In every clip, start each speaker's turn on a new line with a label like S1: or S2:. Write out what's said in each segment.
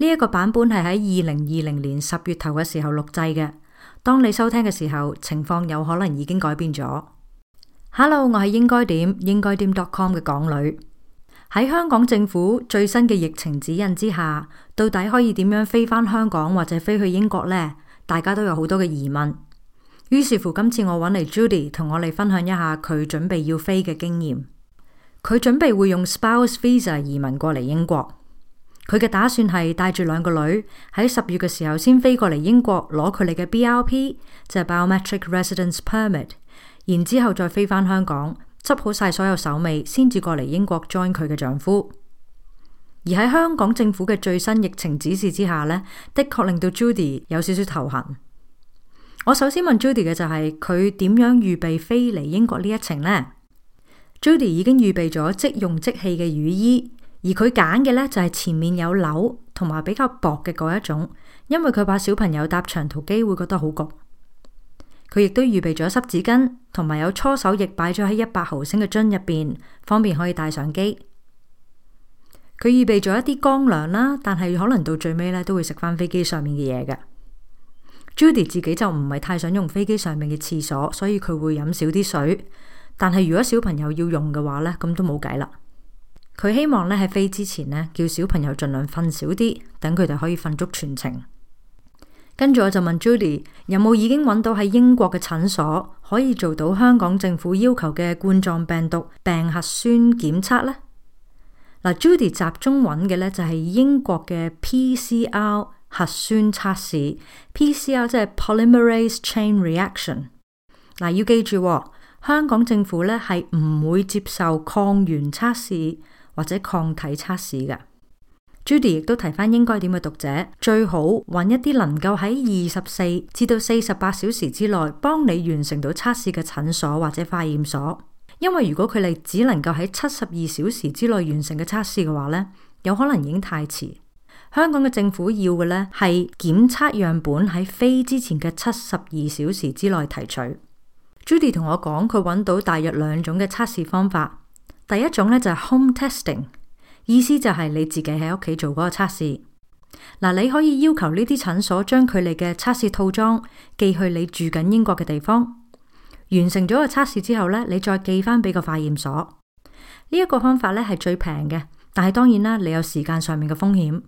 S1: 呢一個版本係喺二零二零年十月頭嘅時候錄製嘅。當你收聽嘅時候，情況有可能已經改變咗。Hello，我係應該點應該點 .com 嘅港女。喺香港政府最新嘅疫情指引之下，到底可以點樣飛翻香港或者飛去英國呢？大家都有好多嘅疑問。於是乎，今次我揾嚟 Judy 同我哋分享一下佢準備要飛嘅經驗。佢準備會用 Spouse Visa 移民過嚟英國。佢嘅打算係帶住兩個女喺十月嘅時候先飛過嚟英國攞佢哋嘅 BRP，即係 Biometric Residence Permit，然之後再飛翻香港，執好晒所有手尾，先至過嚟英國 join 佢嘅丈夫。而喺香港政府嘅最新疫情指示之下呢，的確令到 Judy 有少少頭痕。我首先問 Judy 嘅就係佢點樣預備飛嚟英國呢一程呢？Judy 已經預備咗即用即棄嘅雨衣。而佢揀嘅呢，就係前面有鈕同埋比較薄嘅嗰一種，因為佢怕小朋友搭長途機會覺得好焗。佢亦都預備咗濕紙巾同埋有搓手液擺咗喺一百毫升嘅樽入邊，方便可以帶上機。佢預備咗一啲乾糧啦，但係可能到最尾呢，都會食翻飛機上面嘅嘢嘅。Judy 自己就唔係太想用飛機上面嘅廁所，所以佢會飲少啲水。但係如果小朋友要用嘅話呢，咁都冇計啦。佢希望咧喺飛之前咧，叫小朋友盡量瞓少啲，等佢哋可以瞓足全程。跟住我就問 Judy 有冇已經揾到喺英國嘅診所可以做到香港政府要求嘅冠狀病毒病核酸檢測呢？嗱，Judy 集中揾嘅咧就係英國嘅 PCR 核酸測試，PCR 即係 Polymerase Chain Reaction。嗱，要記住喎，香港政府咧係唔會接受抗原測試。或者抗體測試嘅，Judy 亦都提返應該點嘅讀者最好揾一啲能夠喺二十四至到四十八小時之內幫你完成到測試嘅診所或者化驗所，因為如果佢哋只能夠喺七十二小時之內完成嘅測試嘅話呢，有可能已經太遲。香港嘅政府要嘅呢係檢測樣本喺飛之前嘅七十二小時之內提取。Judy 同我講佢揾到大約兩種嘅測試方法。第一種咧，就係 home testing，意思就係你自己喺屋企做嗰個測試。嗱，你可以要求呢啲診所將佢哋嘅測試套裝寄去你住緊英國嘅地方。完成咗個測試之後咧，你再寄翻俾個化驗所。呢一個方法咧，係最平嘅，但係當然啦，你有時間上面嘅風險。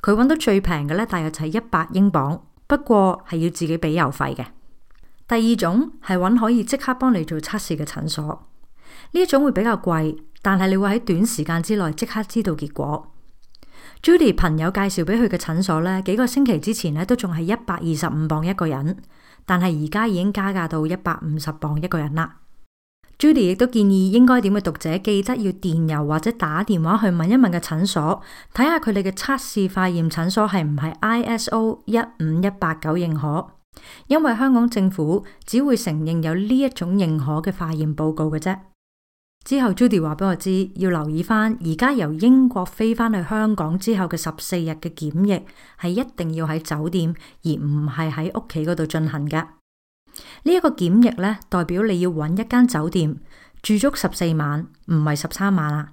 S1: 佢揾到最平嘅咧，大約就係一百英鎊，不過係要自己俾郵費嘅。第二種係揾可以即刻幫你做測試嘅診所。呢一種會比較貴，但係你會喺短時間之內即刻知道結果。Judy 朋友介紹俾佢嘅診所呢幾個星期之前呢，都仲係一百二十五磅一個人，但係而家已經加價到一百五十磅一個人啦。Judy 亦都建議應該點嘅讀者記得要電郵或者打電話去問一問嘅診所，睇下佢哋嘅測試化驗診所係唔係 ISO 一五一八九認可，因為香港政府只會承認有呢一種認可嘅化驗報告嘅啫。之後，Judy 話俾我知要留意翻，而家由英國飛翻去香港之後嘅十四日嘅檢疫係一定要喺酒店，而唔係喺屋企嗰度進行㗎。這個、檢呢一個檢疫咧，代表你要揾一間酒店住足十四晚，唔係十三晚啦。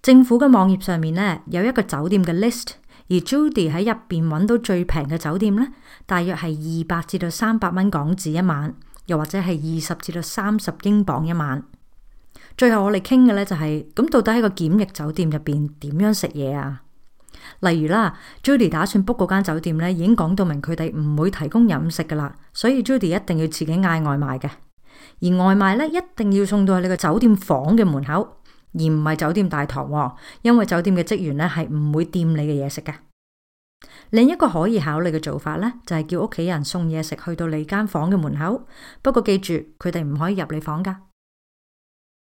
S1: 政府嘅網頁上面咧有一個酒店嘅 list，而 Judy 喺入邊揾到最平嘅酒店咧，大約係二百至到三百蚊港紙一晚，又或者係二十至到三十英鎊一晚。最後我哋傾嘅咧就係咁，到底喺個檢疫酒店入邊點樣食嘢啊？例如啦，Judy 打算 book 嗰間酒店咧，已經講到明佢哋唔會提供飲食噶啦，所以 Judy 一定要自己嗌外賣嘅，而外賣咧一定要送到去你個酒店房嘅門口，而唔係酒店大堂喎，因為酒店嘅職員咧係唔會掂你嘅嘢食噶。另一個可以考慮嘅做法咧，就係叫屋企人送嘢食去到你間房嘅門口，不過記住佢哋唔可以入你房噶。